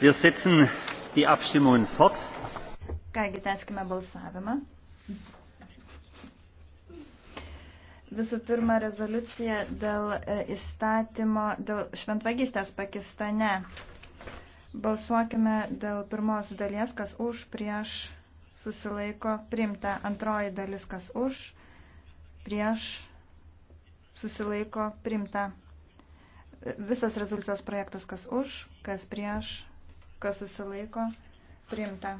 Wir setzen die Abstimmungen fort. Kągi, tęskime balsavimą. Visų pirma, rezoliucija dėl e, įstatymo, dėl šventvagystės Pakistane. Balsuokime dėl pirmos dalies, kas už, prieš, susilaiko, primta antroji dalis, kas už, prieš, susilaiko, primta. Visas rezoliucijos projektas, kas už, kas prieš, kas susilaiko, priimta.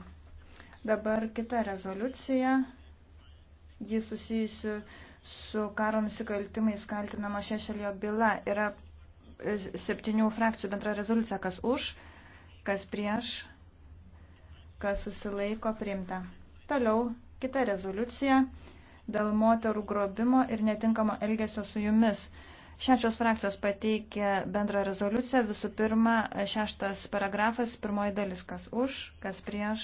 Dabar kita rezoliucija, ji susijusi su karo nusikaltimais kaltinama šešelio byla. Yra e, septynių frakcijų bendra rezoliucija, kas už, kas prieš, kas susilaiko, priimta. Toliau kita rezoliucija dėl moterų grobimo ir netinkamo elgesio su jumis. Šešios frakcijos pateikė bendrą rezoliuciją. Visų pirma, šeštas paragrafas, pirmoji dalis, kas už, kas prieš,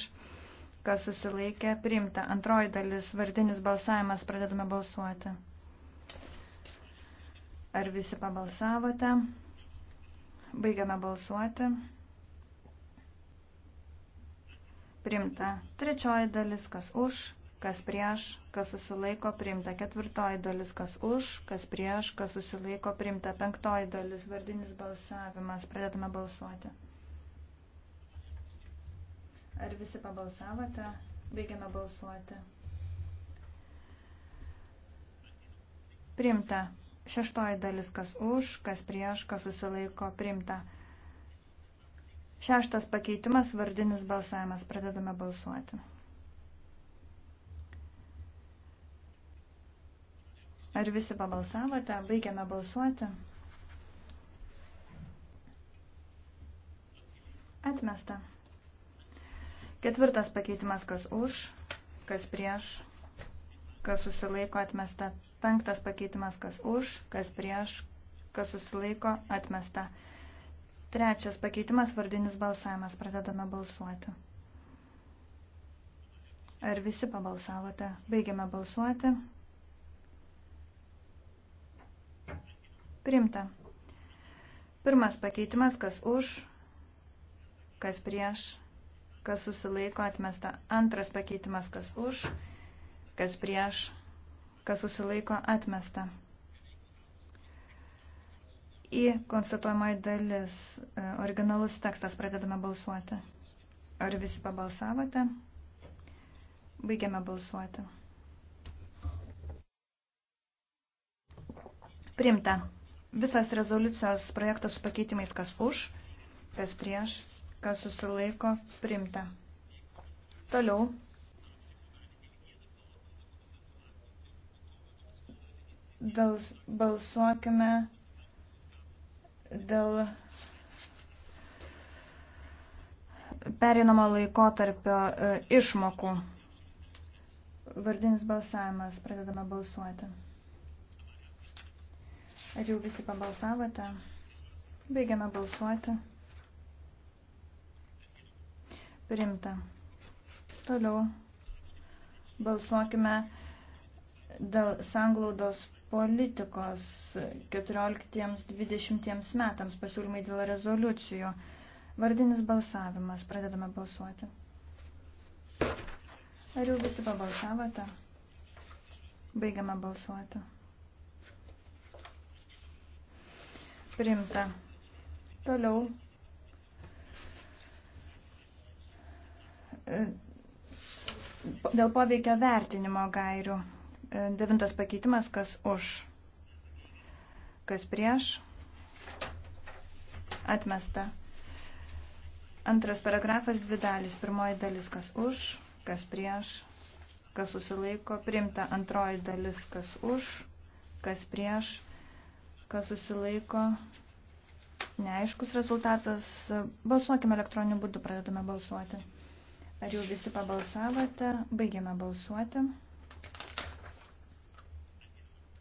kas susilaikė, priimta. Antroji dalis, vardinis balsavimas, pradedame balsuoti. Ar visi pabalsavote? Baigiame balsuoti. Primta trečioji dalis, kas už, kas prieš, kas susilaiko priimta ketvirtoji dalis, kas už, kas prieš, kas susilaiko priimta penktoji dalis, vardinis balsavimas, pradėtume balsuoti. Ar visi pabalsavote? Baigiame balsuoti. Priimta šeštoji dalis, kas už, kas prieš, kas susilaiko priimta. Šeštas pakeitimas, vardinis balsavimas, pradedame balsuoti. Ar visi pabalsavote? Baigiame balsuoti. Atmesta. Ketvirtas pakeitimas, kas už, kas prieš, kas susilaiko, atmesta. Penktas pakeitimas, kas už, kas prieš, kas susilaiko, atmesta. Trečias pakeitimas, vardinis balsavimas. Pradedame balsuoti. Ar visi pabalsavote? Baigiame balsuoti. Primta. Pirmas pakeitimas, kas už, kas prieš, kas susilaiko atmesta. Antras pakeitimas, kas už, kas prieš, kas susilaiko atmesta. Į konstatuojamąjį dalis e, originalus tekstas pradedame balsuoti. Ar visi pabalsavote? Baigiame balsuoti. Primta. Visas rezoliucijos projektas su pakeitimais, kas už, kas prieš, kas susilaiko, primta. Toliau. Dėl, balsuokime dėl perinamo laikotarpio e, išmokų. Vardinis balsavimas. Pradedame balsuoti. Ar jau visi pabalsavote? Baigiame balsuoti. Primta. Toliau balsuokime dėl sanglaudos politikos 14-20 metams pasiūlymai dėl rezoliucijų. Vardinis balsavimas. Pradedame balsuoti. Ar jau visi pabalsavote? Baigiame balsuoti. Primta. Toliau. E, dėl poveikio vertinimo gairių. E, devintas pakeitimas, kas už, kas prieš. Atmesta. Antras paragrafas, dvi dalis. Pirmoji dalis, kas už, kas prieš, kas susilaiko. Primta antroji dalis, kas už, kas prieš kas susilaiko, neaiškus rezultatas. Balsuokime elektroniniu būdu, pradedame balsuoti. Ar jau visi pabalsavote? Baigiame balsuoti.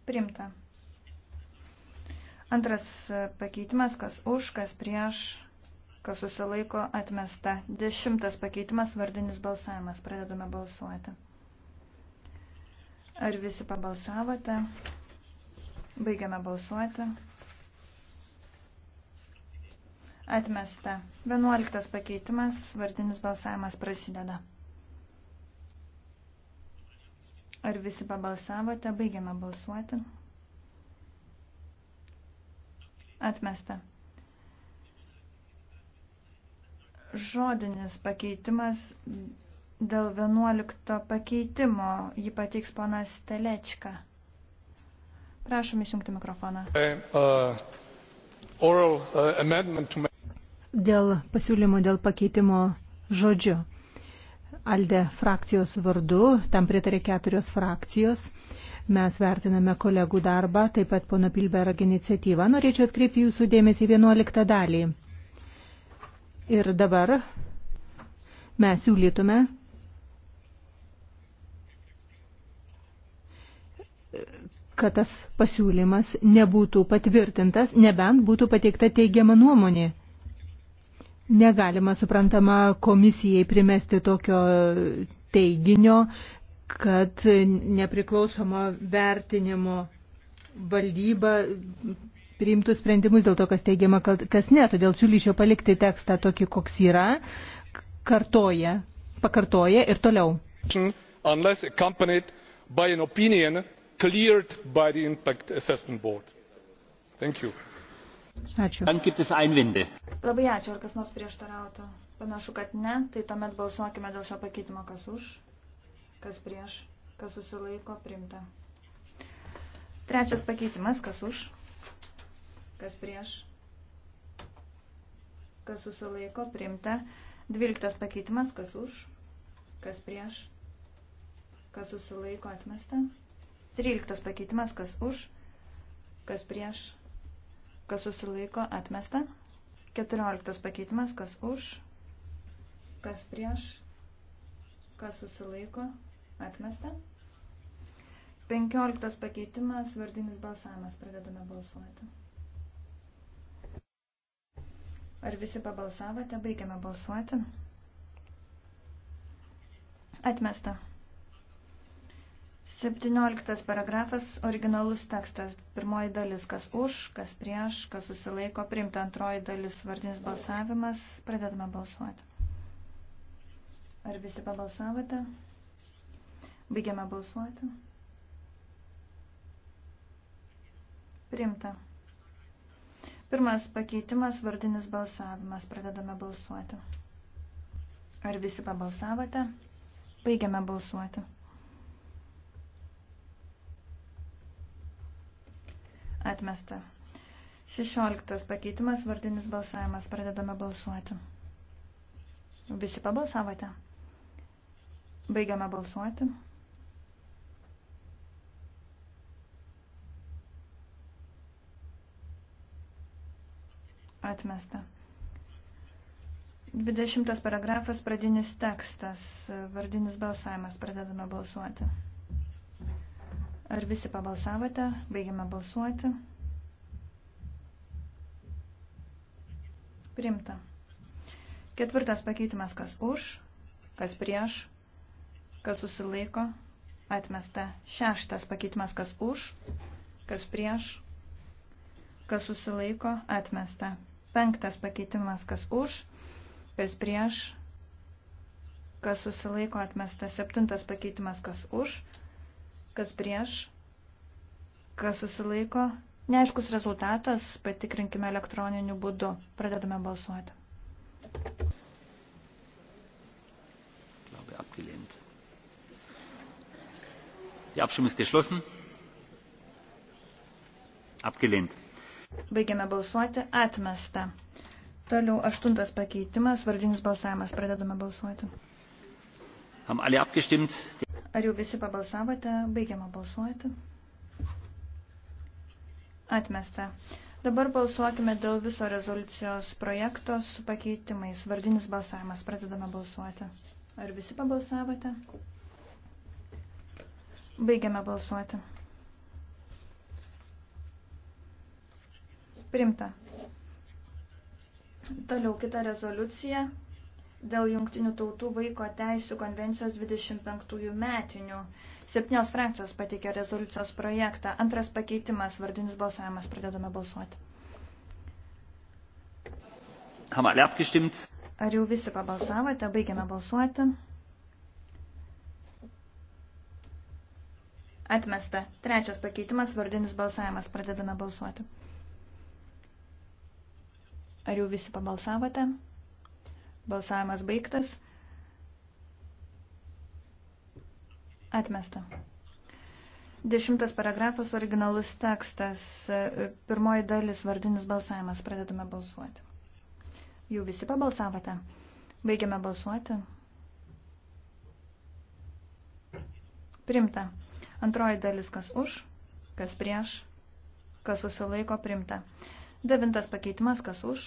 Primta. Antras pakeitimas, kas už, kas prieš, kas susilaiko, atmesta. Dešimtas pakeitimas, vardinis balsavimas. Pradedame balsuoti. Ar visi pabalsavote? Baigiame balsuoti. Atmesta. 11 pakeitimas, vardinis balsavimas prasideda. Ar visi pabalsavote? Baigiame balsuoti. Atmesta. Žodinis pakeitimas dėl 11 pakeitimo jį pateiks ponas Telečka. Prašom išjungti mikrofoną. Dėl pasiūlymo, dėl pakeitimo žodžiu. Alde frakcijos vardu, tam pritarė keturios frakcijos. Mes vertiname kolegų darbą, taip pat pono Pilberg iniciatyvą. Norėčiau atkreipti jūsų dėmesį 11 dalį. Ir dabar mes siūlytume kad tas pasiūlymas nebūtų patvirtintas, nebent būtų pateikta teigiama nuomonė. Negalima, suprantama, komisijai primesti tokio teiginio, kad nepriklausomo vertinimo valdyba priimtų sprendimus dėl to, kas teigiama, kas ne. Todėl siūlyčiau palikti tekstą tokį, koks yra, kartoja, pakartoja ir toliau. Unless accompanied by an opinion cleared by the impact assessment board. Thank you. Ačiū. Labai ačiū, ar kas nors prieštarautų. Panašu, kad ne, tai tuomet balsuokime dėl šio pakeitimo, kas už, kas prieš, kas susilaiko, primta. Trečias pakeitimas, kas už, kas prieš, kas susilaiko, primta. Dvyliktas pakeitimas, kas už, kas prieš, kas susilaiko, atmesta. 13 pakeitimas, kas už, kas prieš, kas susilaiko, atmesta. 14 pakeitimas, kas už, kas prieš, kas susilaiko, atmesta. 15 pakeitimas, vardinis balsavimas, pradedame balsuoti. Ar visi pabalsavote, baigiame balsuoti? Atmesta. 17 paragrafas, originalus tekstas, pirmoji dalis, kas už, kas prieš, kas susilaiko, priimta antroji dalis, vardinis balsavimas, pradedame balsuoti. Ar visi pabalsavote? Baigiame balsuoti. Priimta. Pirmas pakeitimas, vardinis balsavimas, pradedame balsuoti. Ar visi pabalsavote? Baigiame balsuoti. atmesta. 16 pakeitimas, vardinis balsavimas. Pradedame balsuoti. Visi pabalsavote. Baigiame balsuoti. Atmesta. 20 paragrafas, pradinis tekstas, vardinis balsavimas, pradedame balsuoti. Ar visi pabalsavote? Baigiame balsuoti. Primta. Ketvirtas pakeitimas, kas už, kas prieš, kas susilaiko, atmesta. Šeštas pakeitimas, kas už, kas prieš, kas susilaiko, atmesta. Penktas pakeitimas, kas už, kas prieš, kas susilaiko, atmesta. Septintas pakeitimas, kas už, kas prieš kas prieš, kas susilaiko. Neaiškus rezultatas, patikrinkime elektroniniu būdu. Pradedame balsuoti. Glaube abgelehnt. Die Abstimmung ist geschlossen. Abgelehnt. Baigiame balsuoti. Atmesta. Toliau aštuntas pakeitimas, vardinis balsavimas. Pradedame balsuoti. Haben alle abgestimmt? Ar jau visi pabalsavote? Baigiama balsuoti. Atmesta. Dabar balsuokime dėl viso rezoliucijos projekto su pakeitimais. Vardinis balsavimas. Pradedame balsuoti. Ar visi pabalsavote? Baigiame balsuoti. Primta. Toliau kita rezoliucija dėl Junktinių tautų vaiko teisų konvencijos 25 metinių. Septynios frakcijos pateikė rezoliucijos projektą. Antras pakeitimas, vardinis balsavimas, pradedame balsuoti. Ar jau visi pabalsavote? Baigiame balsuoti. Atmesta. Trečias pakeitimas, vardinis balsavimas, pradedame balsuoti. Ar jau visi pabalsavote? Balsavimas baigtas. Atmesta. Dešimtas paragrafas, originalus tekstas, pirmoji dalis, vardinis balsavimas, pradedame balsuoti. Jau visi pabalsavote. Baigiame balsuoti. Primta. Antroji dalis, kas už, kas prieš, kas susilaiko, primta. Devintas pakeitimas, kas už,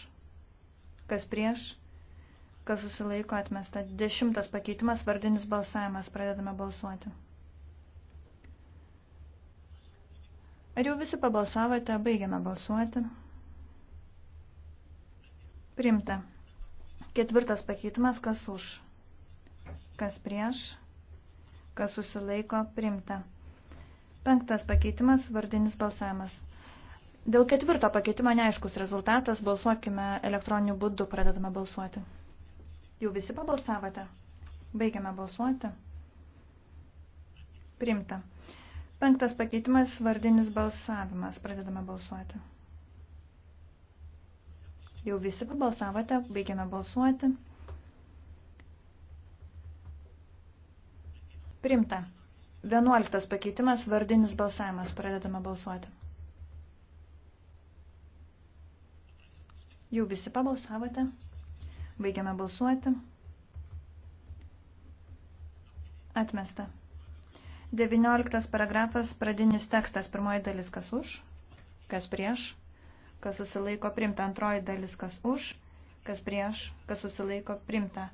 kas prieš, kas susilaiko atmesta. Dešimtas pakeitimas, vardinis balsavimas, pradedame balsuoti. Ar jau visi pabalsavote, baigiame balsuoti. Primta. Ketvirtas pakeitimas, kas už, kas prieš, kas susilaiko, primta. Penktas pakeitimas, vardinis balsavimas. Dėl ketvirto pakeitimo neaiškus rezultatas, balsuokime elektroniniu būdu, pradedame balsuoti. Jau visi pabalsavote? Baigiame balsuoti. Primta. Penktas pakeitimas – vardinis balsavimas. Pradedame balsuoti. Jau visi pabalsavote, baigiame balsuoti. Primta. Vienuoliktas pakeitimas – vardinis balsavimas. Pradedame balsuoti. Jau visi pabalsavote. Baigiame balsuoti. Atmesta. 19 paragrafas, pradinis tekstas, pirmoji dalis kas už, kas prieš, kas susilaiko primta, antroji dalis kas už, kas prieš, kas susilaiko primta.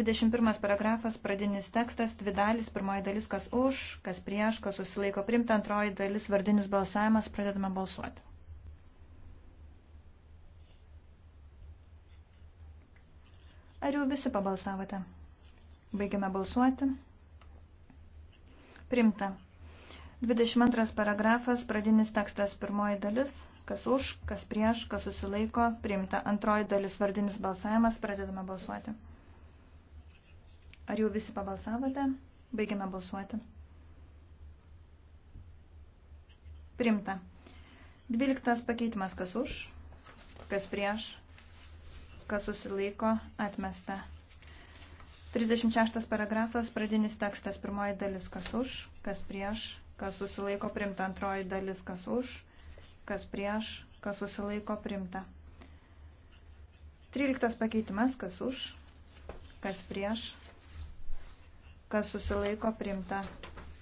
21 paragrafas, pradinis tekstas, dvi dalis, pirmoji dalis kas už, kas prieš, kas susilaiko primta, antroji dalis vardinis balsavimas, pradedame balsuoti. Ar jau visi pabalsavote? Baigiame balsuoti. Primta. 22 paragrafas, pradinis tekstas, pirmoji dalis, kas už, kas prieš, kas susilaiko, priimta. Antroji dalis, vardinis balsavimas, pradedame balsuoti. Ar jau visi pabalsavote? Baigiame balsuoti. Primta. 12 pakeitimas, kas už, kas prieš, kas susilaiko, atmesta. 36 paragrafas, pradinis tekstas, pirmoji dalis, kas už, kas prieš, kas susilaiko, primta, antroji dalis, kas už, kas prieš, kas susilaiko, primta. 13 pakeitimas, kas už, kas prieš, kas susilaiko, primta.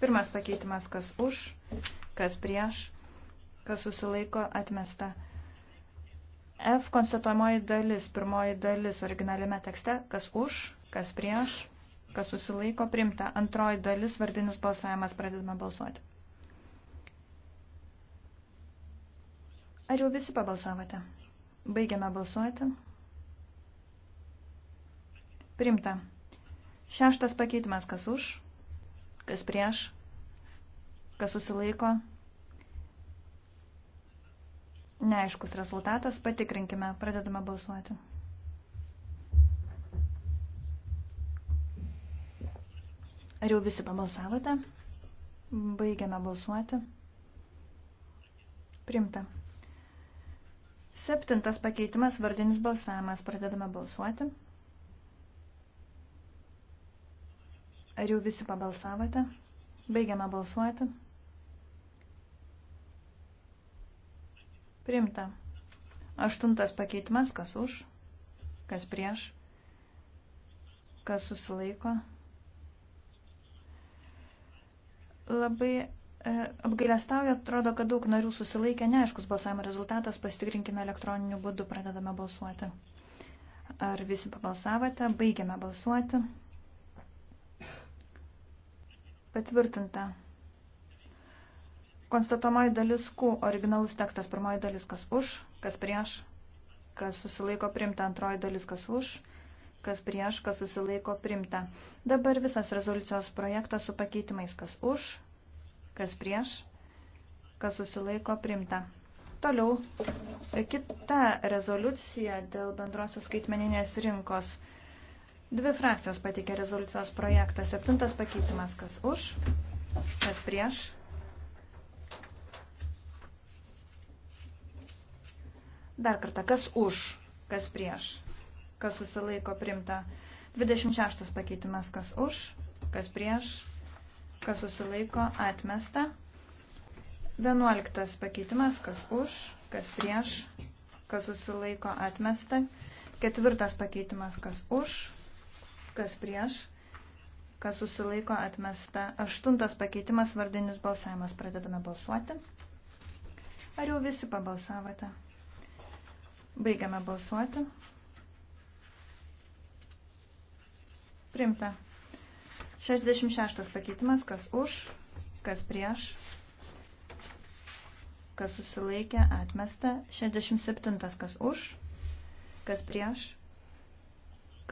Pirmas pakeitimas, kas už, kas prieš, kas susilaiko, atmesta. F konstatuojamoji dalis, pirmoji dalis originaliame tekste, kas už, kas prieš, kas susilaiko primta. Antroji dalis, vardinis balsavimas, pradedame balsuoti. Ar jau visi pabalsavote? Baigiame balsuoti. Primta. Šeštas pakeitimas, kas už, kas prieš, kas susilaiko, Neaiškus rezultatas, patikrinkime, pradedame balsuoti. Ar jau visi pabalsavote? Baigiame balsuoti. Primta. Septintas pakeitimas vardinis balsavimas. Pradedame balsuoti. Ar jau visi pabalsavote? Baigiame balsuoti. Primta. Aštuntas pakeitimas, kas už, kas prieš, kas susilaiko. Labai e, apgailestauja, atrodo, kad daug narių susilaikė, neaiškus balsavimo rezultatas, pasitikrinkime elektroniniu būdu, pradedame balsuoti. Ar visi pabalsavote, baigiame balsuoti. Patvirtinta. Konstatomoji dalis Q, originalus tekstas, pirmoji dalis kas už, kas prieš, kas susilaiko primta, antroji dalis kas už, kas prieš, kas susilaiko primta. Dabar visas rezoliucijos projektas su pakeitimais kas už, kas prieš, kas susilaiko primta. Toliau kita rezoliucija dėl bendrosios skaitmeninės rinkos. Dvi frakcijos patikė rezoliucijos projektą. Septintas pakeitimas kas už, kas prieš, Dar kartą, kas už, kas prieš, kas susilaiko primta. 26 pakeitimas, kas už, kas prieš, kas susilaiko atmesta. 11 pakeitimas, kas už, kas prieš, kas susilaiko atmesta. Ketvirtas pakeitimas, kas už, kas prieš, kas susilaiko atmesta. Aštuntas pakeitimas, vardinis balsavimas. Pradedame balsuoti. Ar jau visi pabalsavote? Baigiame balsuoti. Primta. 66 pakeitimas, kas už, kas prieš, kas susilaikė, atmesta. 67 kas už, kas prieš,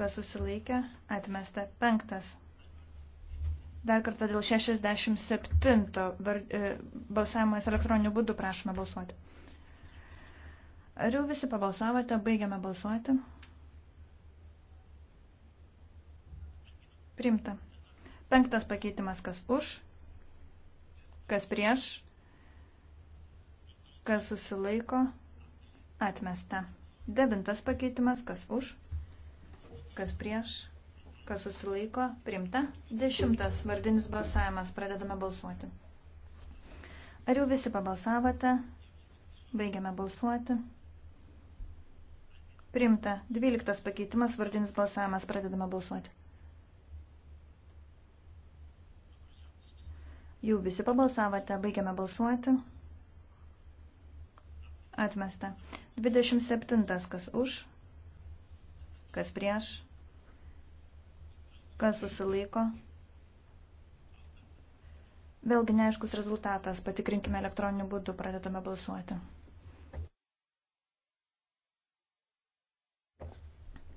kas susilaikė, atmesta. 5. Dar kartą dėl 67 e, balsavimas elektroniniu būdu prašome balsuoti. Ar jau visi pabalsavote? Baigiame balsuoti. Primta. Penktas pakeitimas, kas už, kas prieš, kas susilaiko, atmesta. Devintas pakeitimas, kas už, kas prieš, kas susilaiko, primta. Dešimtas vardinis balsavimas, pradedame balsuoti. Ar jau visi pabalsavote? Baigiame balsuoti. Primta. Dvyliktas pakeitimas, vardinis balsavimas. Pradedame balsuoti. Jau visi pabalsavote. Baigiame balsuoti. Atmesta. 27. Kas už? Kas prieš? Kas susilaiko? Vėlgi neaiškus rezultatas. Patikrinkime elektroniniu būdu. Pradedame balsuoti.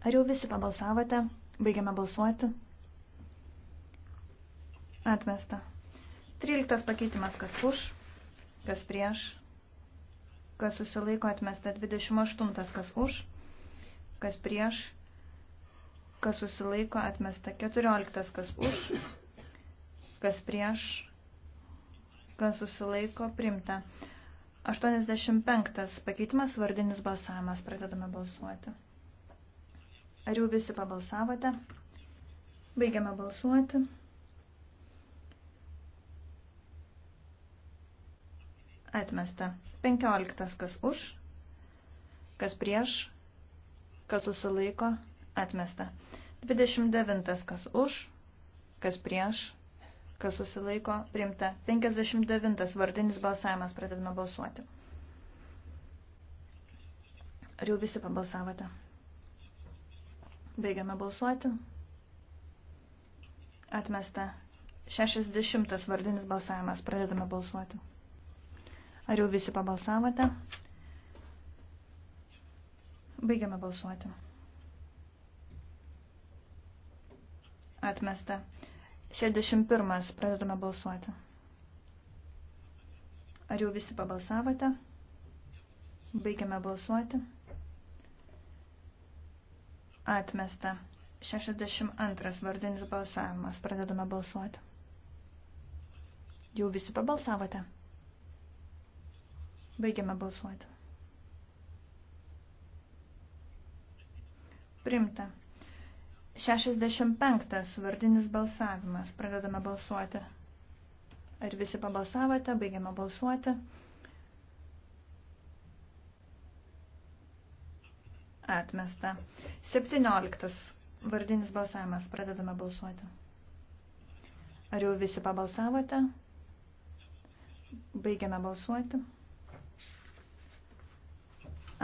Ar jau visi pabalsavote? Baigiame balsuoti. Atmesta. 13 pakeitimas kas už, kas prieš, kas susilaiko atmesta. 28 kas už, kas prieš, kas susilaiko atmesta. 14 kas už, kas prieš, kas susilaiko primta. 85 pakeitimas vardinis balsavimas. Pradedame balsuoti. Ar jau visi pabalsavote? Baigiame balsuoti. Atmesta. 15. Kas už, kas prieš, kas susilaiko, atmesta. 29. Kas už, kas prieš, kas susilaiko, primta. 59. Vardinis balsavimas pradedame balsuoti. Ar jau visi pabalsavote? Baigiame balsuoti. Atmesta. 60 vardinis balsavimas. Pradedame balsuoti. Ar jau visi pabalsavote? Baigiame balsuoti. Atmesta. 61. Pradedame balsuoti. Ar jau visi pabalsavote? Baigiame balsuoti. Atmesta. 62 vardinis balsavimas. Pradedame balsuoti. Jau visi pabalsavote. Baigiame balsuoti. Primta. 65 vardinis balsavimas. Pradedame balsuoti. Ar visi pabalsavote? Baigiame balsuoti. atmesta. 17. Vardinis balsavimas. Pradedame balsuoti. Ar jau visi pabalsavote? Baigiame balsuoti.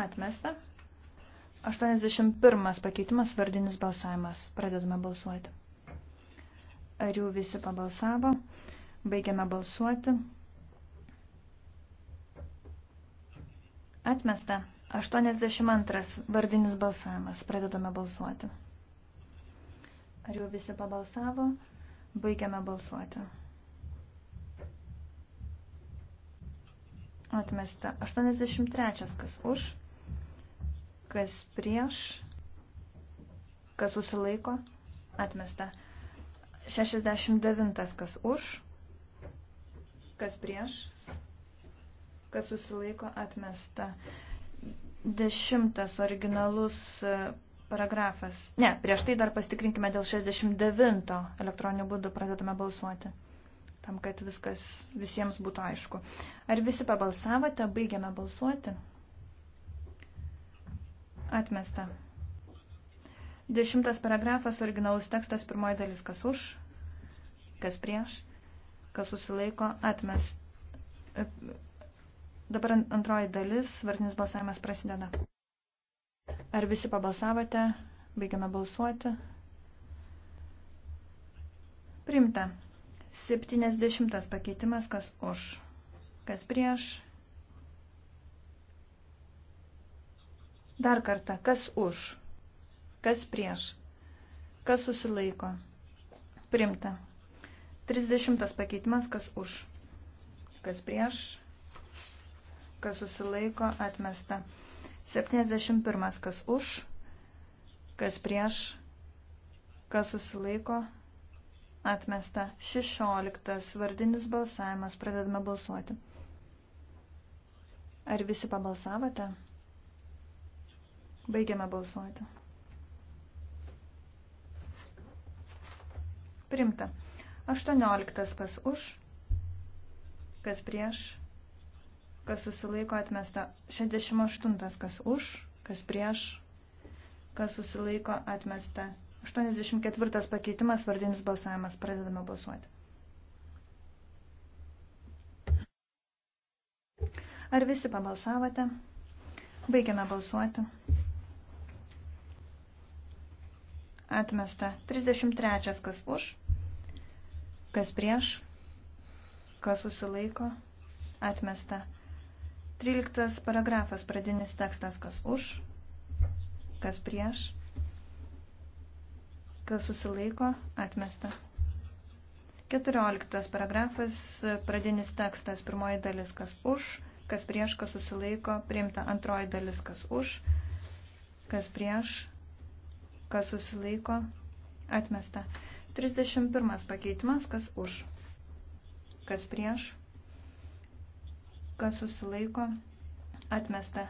Atmesta. 81 pakeitimas vardinis balsavimas. Pradedame balsuoti. Ar jau visi pabalsavo? Baigiame balsuoti. Atmesta. 82 vardinis balsavimas. Pradedame balsuoti. Ar jau visi pabalsavo? Baigiame balsuoti. Atmesta. 83. Kas už? Kas prieš? Kas susilaiko? Atmesta. 69. Kas už? Kas prieš? Kas susilaiko? Atmesta. Dešimtas originalus e, paragrafas. Ne, prieš tai dar pastikrinkime dėl 69 elektroninių būdų pradedame balsuoti. Tam, kad viskas visiems būtų aišku. Ar visi pabalsavote, baigiame balsuoti? Atmesta. Dešimtas paragrafas, originalus tekstas, pirmoji dalis, kas už, kas prieš, kas susilaiko, atmest. Dabar antroji dalis, vartinis balsavimas prasideda. Ar visi pabalsavote? Baigiame balsuoti. Primta. 70 pakeitimas, kas už, kas prieš. Dar kartą, kas už, kas prieš, kas susilaiko. Primta. 30 pakeitimas, kas už, kas prieš kas susilaiko atmesta. 71. Kas už, kas prieš, kas susilaiko atmesta. 16. Vardinis balsavimas. Pradedame balsuoti. Ar visi pabalsavote? Baigiame balsuoti. Primta. 18. Kas už, kas prieš, kas susilaiko atmesta. 68, kas už, kas prieš, kas susilaiko atmesta. 84 pakeitimas, vardinis balsavimas, pradedame balsuoti. Ar visi pabalsavote? Baigiame balsuoti. Atmesta. 33, kas už, kas prieš, kas susilaiko, atmesta. 13 paragrafas, pradinis tekstas, kas už, kas prieš, kas susilaiko, atmesta. 14 paragrafas, pradinis tekstas, pirmoji dalis, kas už, kas prieš, kas susilaiko, priimta antroji dalis, kas už, kas prieš, kas susilaiko, atmesta. 31 pakeitimas, kas už, kas prieš, kas susilaiko, atmesta.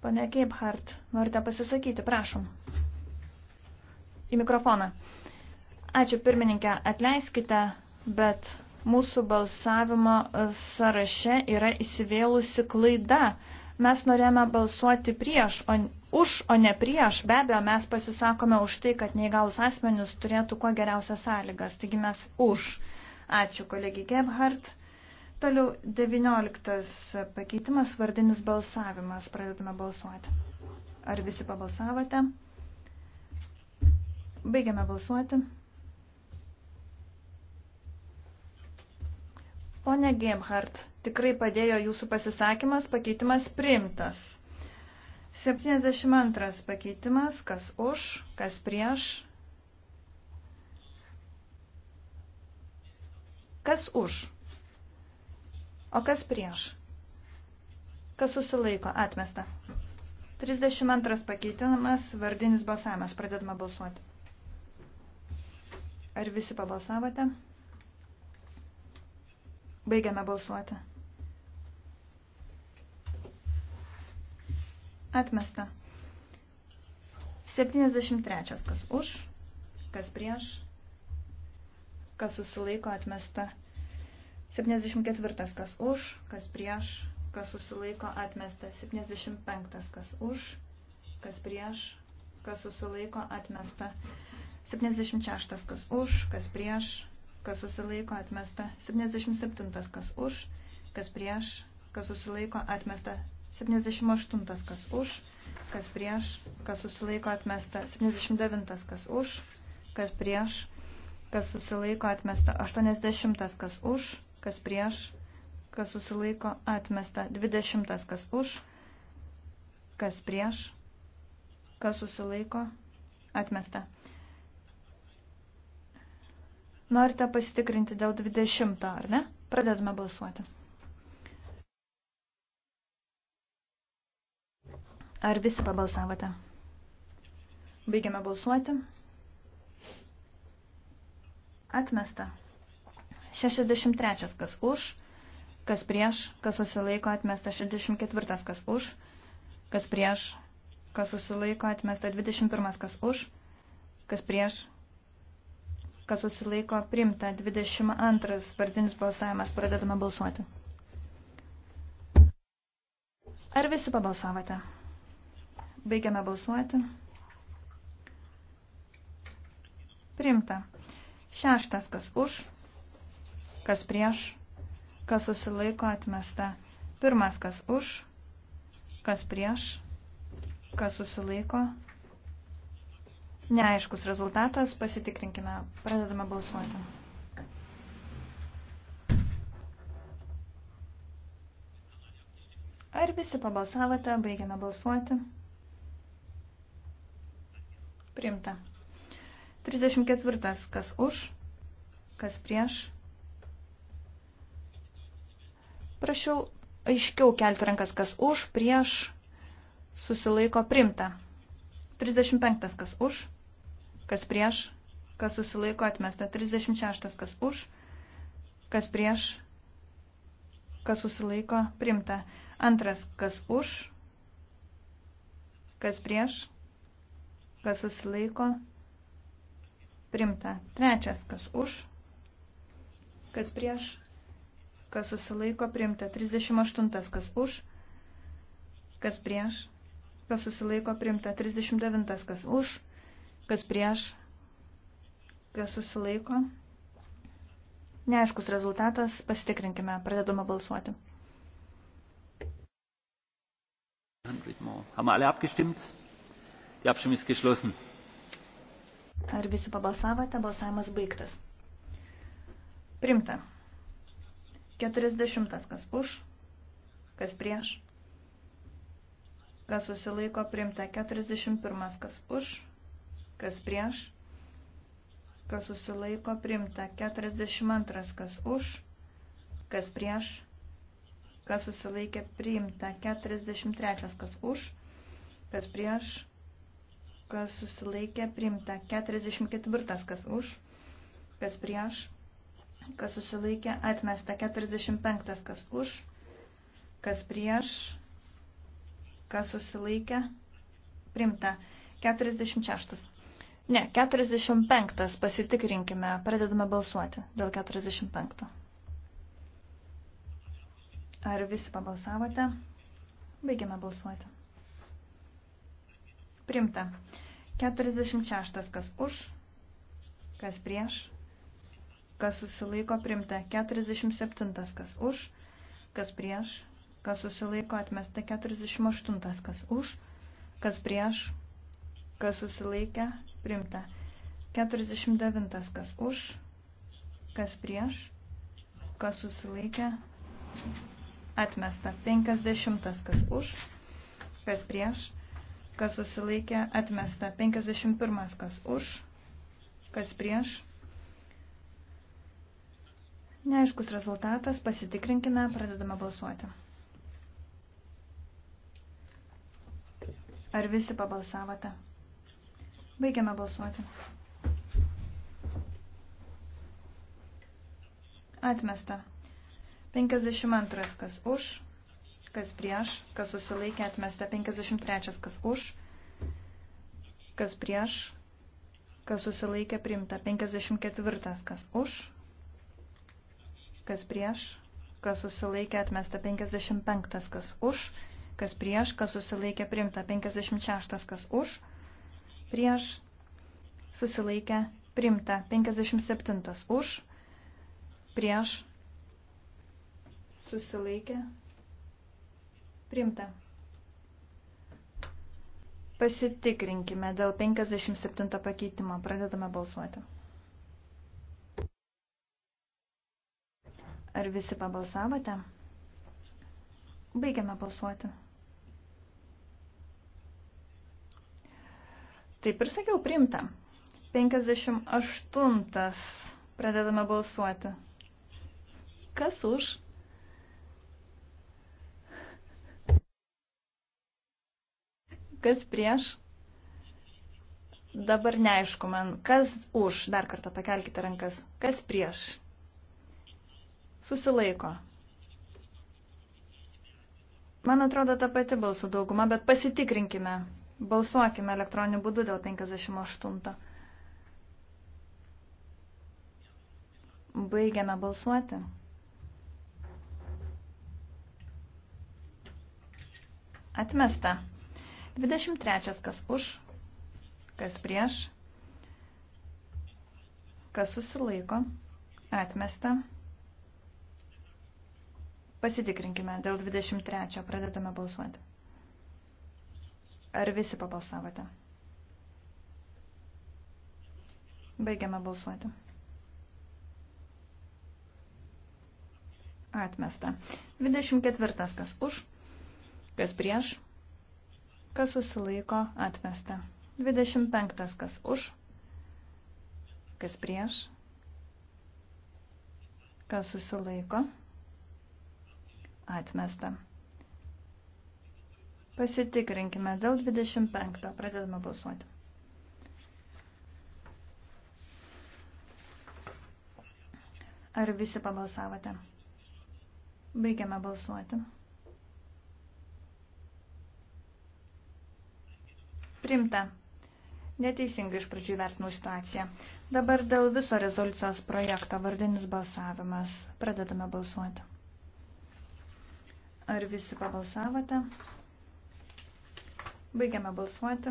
Pane Keibhart, norite pasisakyti, prašom. Į mikrofoną. Ačiū pirmininkė, atleiskite, bet mūsų balsavimo e, sąraše yra įsivėlusi klaida. Mes norėjome balsuoti prieš, o, už, o ne prieš. Be abejo, mes pasisakome už tai, kad neįgalus asmenius turėtų kuo geriausias sąlygas. Taigi mes už. Ačiū, kolegiai Gebhardt. Toliau 19 pakeitimas, vardinis balsavimas. Pradedame balsuoti. Ar visi pabalsavote? Baigiame balsuoti. Pone Gemhardt, tikrai padėjo jūsų pasisakymas, pakeitimas priimtas. 72 pakeitimas, kas už, kas prieš. Kas už? O kas prieš? Kas susilaiko? Atmesta. 32 pakeitinamas vardinis balsavimas. Pradedama balsuoti. Ar visi pabalsavote? Baigiame balsuoti. Atmesta. 73. Kas už, kas prieš, kas susilaiko atmesta. 74. Kas už, kas prieš, kas susilaiko atmesta. 75. Kas už, kas prieš, kas susilaiko atmesta. 76. Kas už, kas prieš, kas susilaiko atmesta. 77. Kas už, kas prieš, kas susilaiko atmesta. 78. Kas už, kas prieš, kas susilaiko atmesta. 79. Kas už, kas prieš, kas susilaiko atmesta. 80. Kas už, kas prieš, kas susilaiko atmesta. 20. kas už, kas prieš, kas susilaiko atmesta. Norite pasitikrinti dėl 20, ar ne? Pradedame balsuoti. Ar visi pabalsavote? Baigiame balsuoti. Atmesta. 63 kas už, kas prieš, kas susilaiko atmesta 64 kas už, kas prieš, kas susilaiko atmesta 21 kas už, kas prieš, kas susilaiko primta 22 partinis balsavimas, pradedame balsuoti. Ar visi pabalsavote? Baigiame balsuoti. Primta. Šeštas kas už kas prieš, kas susilaiko atmesta. Pirmas, kas už, kas prieš, kas susilaiko. Neaiškus rezultatas, pasitikrinkime, pradedame balsuoti. Ar visi pabalsavote, baigiame balsuoti? Primta. 34. Kas už, kas prieš, Prašiau aiškiau kelti rankas, kas už, prieš, susilaiko primta. 35. kas už, kas prieš, kas susilaiko atmesta. 36. kas už, kas prieš, kas susilaiko primta. Antras, kas už, kas prieš, kas susilaiko primta. Trečias, kas už, kas prieš, kas susilaiko priimta. 38. kas už, kas prieš, kas susilaiko priimta. 39. kas už, kas prieš, kas susilaiko. Neaiškus rezultatas, pasitikrinkime, pradedama balsuoti. Haben alle abgestimmt? Die Abstimmung ist geschlossen. Ar visi pabalsavote? Balsavimas baigtas. Primta. 40 kas už, kas prieš, kas susilaiko priimta. 41 kas už, kas prieš, kas susilaiko priimta. 42 kas už, kas prieš, kas susilaikė priimta. 43 kas už, kas prieš, kas susilaikė priimta. 44 kas už, kas prieš, kas susilaikė, atmesta 45, kas už, kas prieš, kas susilaikė, primta 46. Ne, 45 pasitikrinkime, pradedame balsuoti dėl 45. Ar visi pabalsavote? Baigiame balsuoti. Primta. 46. Kas už, kas prieš, kas susilaiko primta 47, kas už, kas prieš, kas susilaiko atmesta 48, kas už, kas prieš, kas susilaikė primta 49, kas už, kas prieš, kas susilaikė atmesta 50, kas už, kas prieš, kas susilaikė atmesta 51, kas už, kas prieš, Neaiškus rezultatas, pasitikrinkime, pradedame balsuoti. Ar visi pabalsavote? Baigiame balsuoti. Atmesta. 52. Kas už, kas prieš, kas susilaikė atmesta. 53. Kas už, kas prieš, kas susilaikė primta. 54. Kas už, kas prieš, kas susilaikė atmesta 55, kas už, kas prieš, kas susilaikė primta 56, kas už, prieš, susilaikė primta 57, už, prieš, susilaikė primta. Pasitikrinkime dėl 57 pakeitimo. Pradedame balsuoti. Ar visi pabalsavote? Baigiame balsuoti. Taip ir sakiau, priimta. 58. Pradedame balsuoti. Kas už? Kas prieš? Dabar neaišku man, kas už, dar kartą pakelkite rankas, kas prieš. Susilaiko. Man atrodo ta pati balsų dauguma, bet pasitikrinkime. Balsuokime elektroniniu būdu dėl 58. Baigiame balsuoti. Atmesta. 23. Kas už, kas prieš, kas susilaiko. Atmesta. Pasitikrinkime dėl 23. Pradedame balsuoti. Ar visi pabalsavote? Baigiame balsuoti. Atmesta. 24. Kas už, kas prieš, kas susilaiko, atmesta. 25. Kas už, kas prieš, kas susilaiko, atmesta Atmesta. Pasitikrinkime dėl 25. Pradedame balsuoti. Ar visi pabalsavote? Baigiame balsuoti. Primta. Neteisingai iš pradžių vertinau situaciją. Dabar dėl viso rezoliucijos projekto vardinis balsavimas. Pradedame balsuoti. Ar visi pabalsavote? Baigiame balsuoti.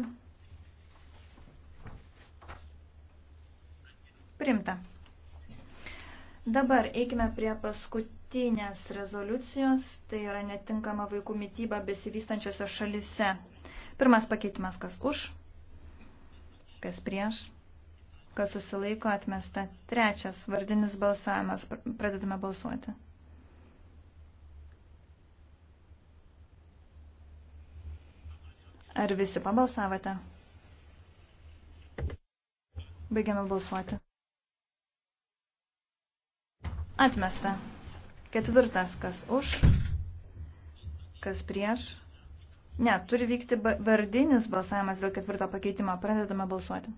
Primta. Dabar eikime prie paskutinės rezoliucijos, tai yra netinkama vaikų mytyba besivystančiose šalise. Pirmas pakeitimas, kas už, kas prieš, kas susilaiko atmesta. Trečias, vardinis balsavimas, pradedame balsuoti. Ar visi pabalsavote? Baigiame balsuoti. Atmesta. Ketvirtas, kas už, kas prieš. Ne, turi vykti vardinis balsavimas dėl ketvirto pakeitimo. Pradedame balsuoti.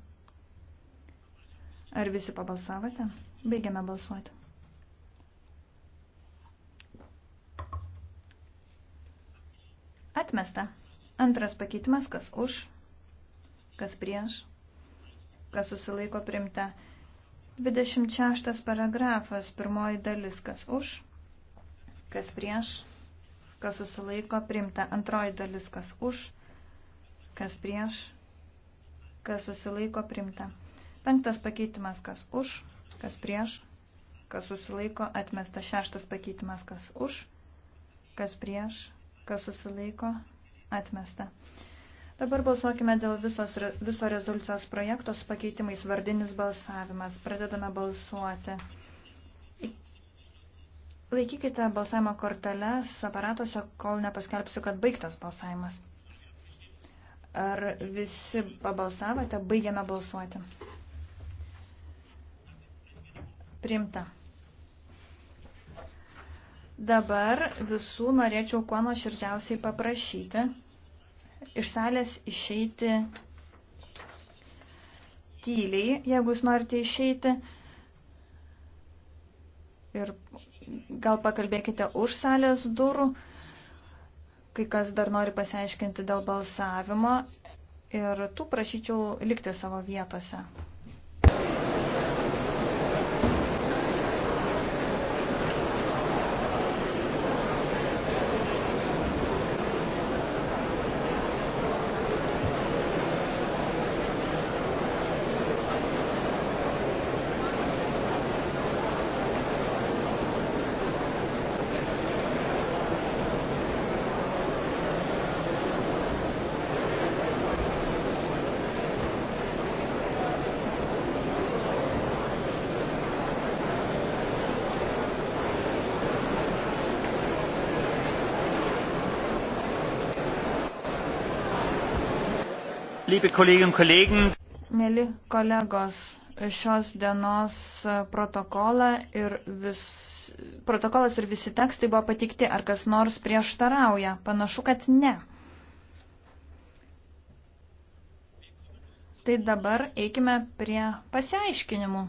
Ar visi pabalsavote? Baigiame balsuoti. Atmesta. Antras pakeitimas, kas už, kas prieš, kas susilaiko primta. 26 paragrafas, pirmoji dalis, kas už, kas prieš, kas susilaiko primta. Antroji dalis, kas už, kas prieš, kas susilaiko primta. Penktas pakeitimas, kas už, kas prieš, kas susilaiko atmesta. Šeštas pakeitimas, kas už, kas prieš, kas susilaiko atmesta Atmesta. Dabar balsuokime dėl visos, viso rezoliucijos projekto su pakeitimais vardinis balsavimas. Pradedame balsuoti. Laikykite balsavimo korteles aparatuose, kol nepaskelbsiu, kad baigtas balsavimas. Ar visi pabalsavote? Baigiame balsuoti. Priimta. Dabar visų norėčiau kuo nuoširdžiausiai paprašyti iš salės išeiti tyliai, jeigu jūs norite išeiti. Ir gal pakalbėkite už salės durų, kai kas dar nori pasiaiškinti dėl balsavimo. Ir tų prašyčiau likti savo vietose. liebe Kolleginnen und Kollegen. Mėly kolegos, šios dienos protokolą ir vis, protokolas ir visi tekstai buvo patikti. Ar kas nors prieštarauja? Panašu, kad ne. Tai dabar eikime prie pasiaiškinimų.